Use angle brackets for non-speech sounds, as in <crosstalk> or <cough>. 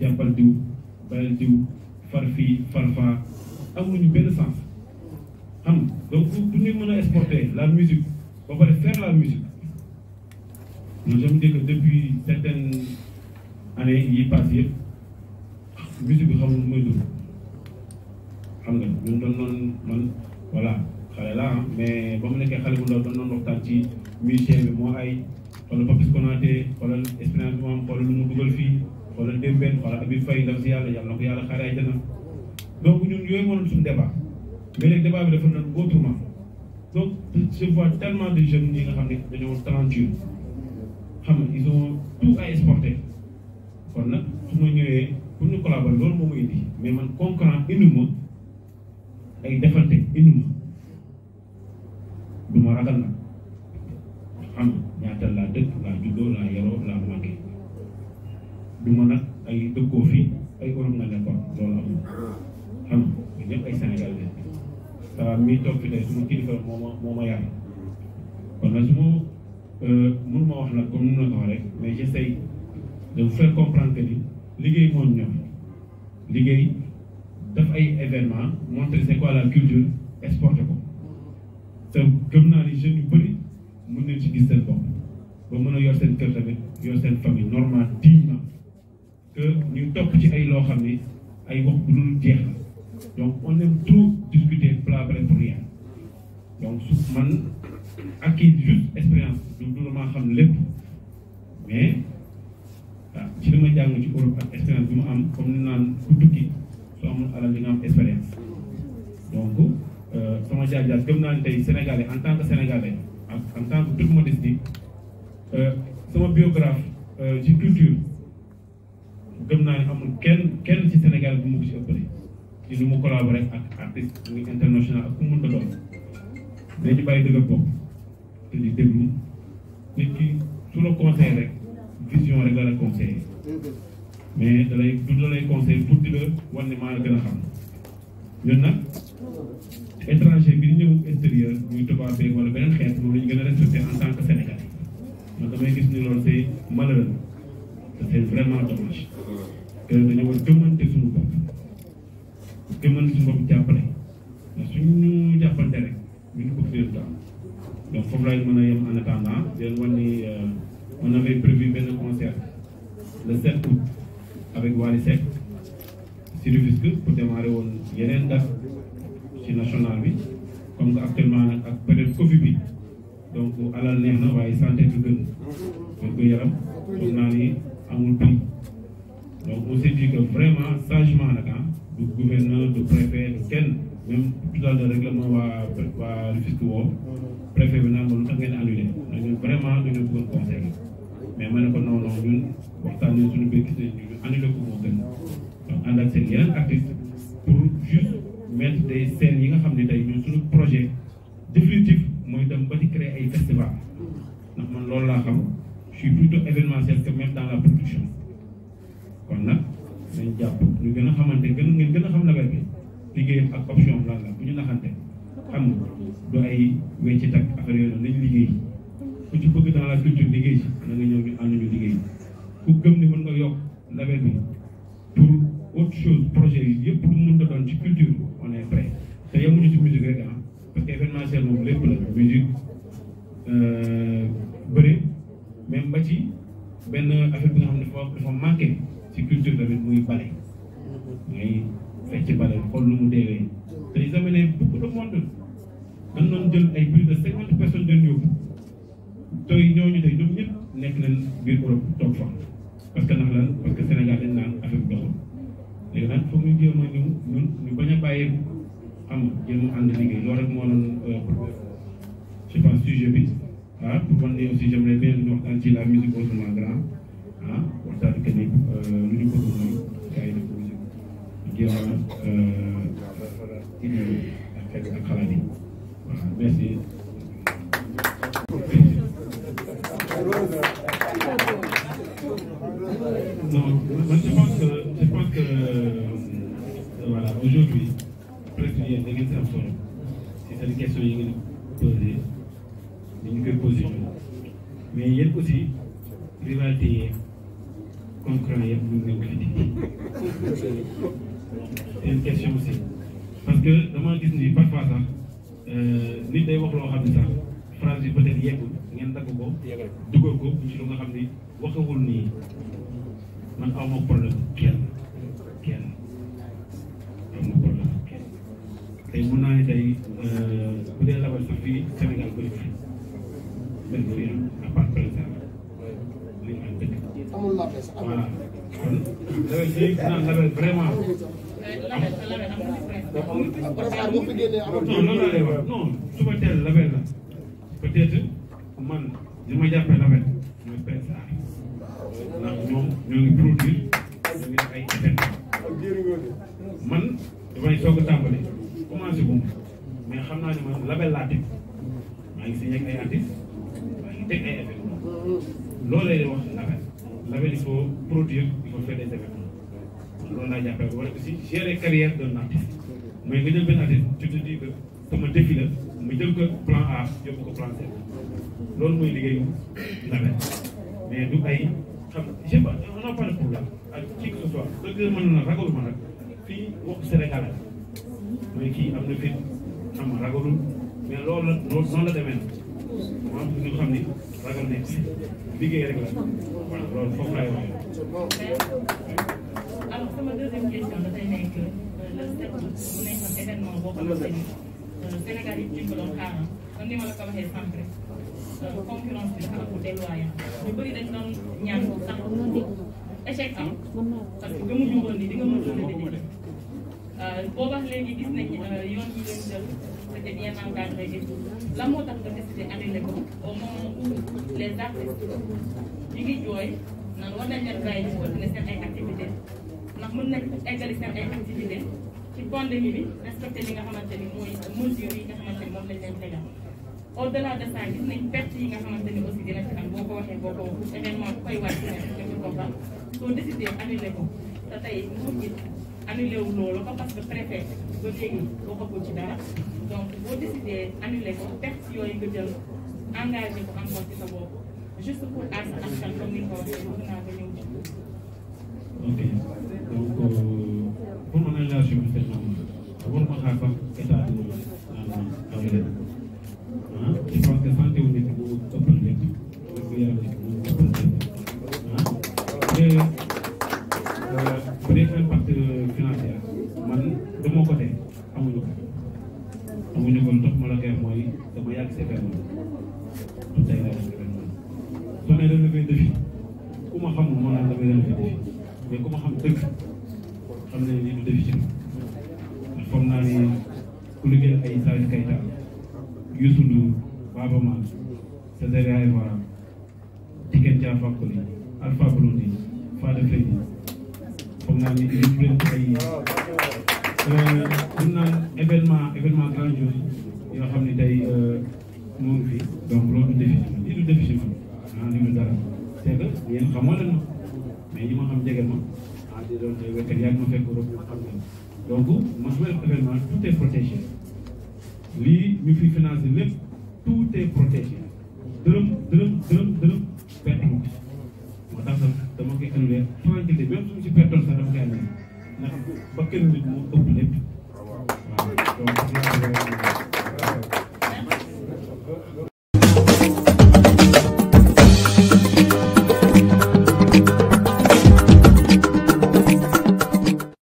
jàppal diw bayal diw far fii far faa amuñu benn sens xam nga donc du ñu mën a exporter la musique ba pare faire la musique non je me depuis certaines années yi passées yëpp ah, musique bi xamul mooy dund xam nga ñun doon noonu man voilà xale la ah mais ba mu nekkee xale bu ndaw dañ doon waxtaan ci musicien bi moo ay xoolal Papis Konaté xoolal expérience bu am xoolal lu mu dugal fii xoolal Dembène xoolal Habib Faye ndam si yàlla yàlla na ko yàlla xaaree àjjana donc ñun yooyu moo doon suñu débat mais léegi débat bi dafa nan autrement donc je vois tellement de jeunes yi nga xam ne dañoo talentueux xam nga ils ont tout à exporter kon nag su ma ñëwee pour ñu collaborer loolu moo indi mais man concurrent indi ma. nag ay dëkkoo fii ay Europe nga nekkoon loolu amul xam nga ñëpp ay Sénégal lañ nekk mi toog fi tey suma kilifa moo ma moo ma yar kon nag su ma euh, mënu ma wax nag comme mun na ko rek mais j'essaie de vous ni liggéey liggéey daf ay événement montrer c'est quoi la culture exporté ko te gëm naa ni yu bëri mën nañ ci gis ba mën a yor seen kër tamit yor seen famille normal dignement que ñu topp ci ay loo xam ne ay wax bu dul jeex la donc on aime trop discuter plat vrai pour donc su man ak kii juste expérience du du maa xam lépp mais ah, ci li jàng ci Europe ak expérience bi mu am comme ni naan ku tukki soo amul alal li nga am expérience donc euh, sama jaar-jaar gëm naa ne tey sénégalais en tant que en tant que toute euh, sama biographe euh, ci culture gëm naa amul kenn kenn ci Sénégal bu mu ko ci ëppale nu mu collaboré ak artiste muy international ak ku mun ta doon dañu bàyyi dëgg bopp te di déglu nit ki su la conseil rek vision rek la la conseillé du la lay conseil pour di la wan ne gën a xam ñun nag étranger bi ñëw extérieur muy tubaab beeg wala beneen xeet moom la ñu gën a respecté en tant que Sénégalais man damay gis ni loolu c'est malheureux ça c'est vraiment dommage que euh, dañoo war gëmante suñu bopp gëmante suñu bopp jàppale ndax suñu jàppante rek ñu ngi bëgg résultat donc foofu laay mën a yem en attendant di leen wan ni euh, on avait prévu benn concert le 7 août avec Wally si Rufisque pour démarrer woon yeneen date ci national bi comme que actuellement ak peut-être bi donc alal neex na waaye santé bi gën donc yaram foog naa ni amul prix donc on s'est dit que vraiment sagement nag ah du gouverneur du préfet du kenn même tout à l'heure règlement waa waa Rufisque woo préfet bi naan ma lu tax ngeen annulé ndax ñun vraiment dañoo bëggoon conseil mais ma ne ko non non ñun waxtaan nañ suñu béykat yi seen yeneen nga xam ne tey ñun suñu projet définitif mooy dem ba di créer ay festival ndax man loolu laa xam. je suis plutôt événementiel que même dans la production kon nag nañ jàpp ñu gën a xamante gën ngeen a bu ñu naxante xam nga du ay wecc ak affaire yooyu noonu nañ liggéey ku ci bëgg dans la culture liggéey si na nga ñëw ñu ànd ñu liggéey ku gëm ni mën nga yokk nawet bi pour autre chose projet yi yëpp lu mën ta ci culture on est prêt te yemuñu ci musique rek ah parce que lépp la musique euh, bëri même ba ci benn affaire bi nga xam ne dafa dafa manqué ci culture tamit muy bale mooy mhm. fecc bale xool nu mu deewee dañu amené beaucoup de monde dañ doon jël ay plus de cinquante personnes dañ yóbbu tey ñooñu tey ñoom ñëpp nekk nañ biir Europe toog fa parce que ndax lan parce que Sénégal dañ naan affaire bi doxul léegi foog ñu jéem a ñëw ñun ñu bañ a bàyyeeku xam nga jéem a ànd liggéey loolu rek moo doon euh, je pense sujet bi mu wax ni aussi j'aimerais bien ñu waxtaan ci la musique autrement grand ah waxtaan que ni lu ñu bëgg mooy gars yi def ko musique jéem a indi ak fekk ak xalaat yi voilà merci. non man je si am solo si yi ngeen aussi rivalité yi concurrent yëpp ñu ngi leen di <laughs> c'est une question aussi parce gis ni parfois sax euh, nit day wax loo xam ne sax phrase bi peut être yeggul ngeen dagg ko dugal ko ci lu nga xam ni waxawul nii man aw ma problème kenn kenn aw ma problème kenn tey mun naa ne tey euh, bu dee labal sax fii Sénégal bëri na bëri voilà kon vraiment. non non lay wax non suba teel label la peut-être man li ma jàppee label mooy PSA ndax ñoom ñoo ngi produire ñu ngi ay événement man damay soog a tàmbali commencé ko mais xam naa ne man label laa teg maa ngi signé ay artistes maa ngi teg ay événement loolu lay wax label label il faut produire il faut faire des événements loolu laa jàppee ko wala aussi gérer carrière d'un artiste mais nga jël benn artiste tu te dis que sama défi la mu jël ko plan A yóbbu ko plan C loolu mooy liggéeyu label mais du ay xam je sais pas on n'a pas de problème ak qui que ce soit dëgg mën na ragal ma nag fii waxu Sénégal mooy kii am na fit am ragalul mais loolu la loolu noonu la demee nag maa ngi xam ni. ragal nañ si liggéey rek la voilà loolu foofu laay wax. alors nekk le sept août mu nekkoon événement boo xamante ni Sénégal yi ñu ngi ko doon xaaral comme ni ma la ko waxee sànq rek concurrence bi dafa am déloyale ñu bëri dañ doon ñaan sax échec am parce que gëmuñu di nga mën a Euh, boobax léegi gis nañ euh, yoon yi leen jël c'était bien encadré et tout la moo tax nga décidé annulé ko au moment où les artistes ñu ngi jooy naan war nañ leen bàyyi ñu continuer seen ay activités ndax mën nañ eggali seen ay activités ci pandémie bi respecté li nga xamante ni mooy mesures yi nga xamante ni moom lañ leen tegal au delà de ça gis nañ perte yi nga xamante ni aussi dina ci am boo ko waxee boo ko événement bu koy wàcc ne dañu ko baax soo décidé annulé ko te tey nguur gi annulé wu loolu ko parce que préfet ba léegi waxagul ci dara donc boo décidé annulé ko texte yooyu nga jël engagé ko encore ci sa bopp juste pour aar sa askan comme ni ko waxee bëgg naa ko ñëw ci. ok donc euh, pour man tey laa demee man soo nee dama ma xamul moo naan damay dama ku ma xam dëgg xam ne lii du defi ci ndax foog naa ku liggéey ay Salif Keita Youssou Ndour Baaba Maal Césaire yoo xam ne tey euh, moo ngi fi donc loolu défi lii du défi ci man dara c' est que yéen xamoo leen ma mais ñi ma xam jege ma ah di doon ay ma fekk Europe ma xam leen donc man su ma def événement tout est protégé lii ñu fi financé lépp tout est protégé dërëm dërëm dërëm dërëm perte moo tax dama koy annulé tranquillité même suñu si pertoon sax dama koy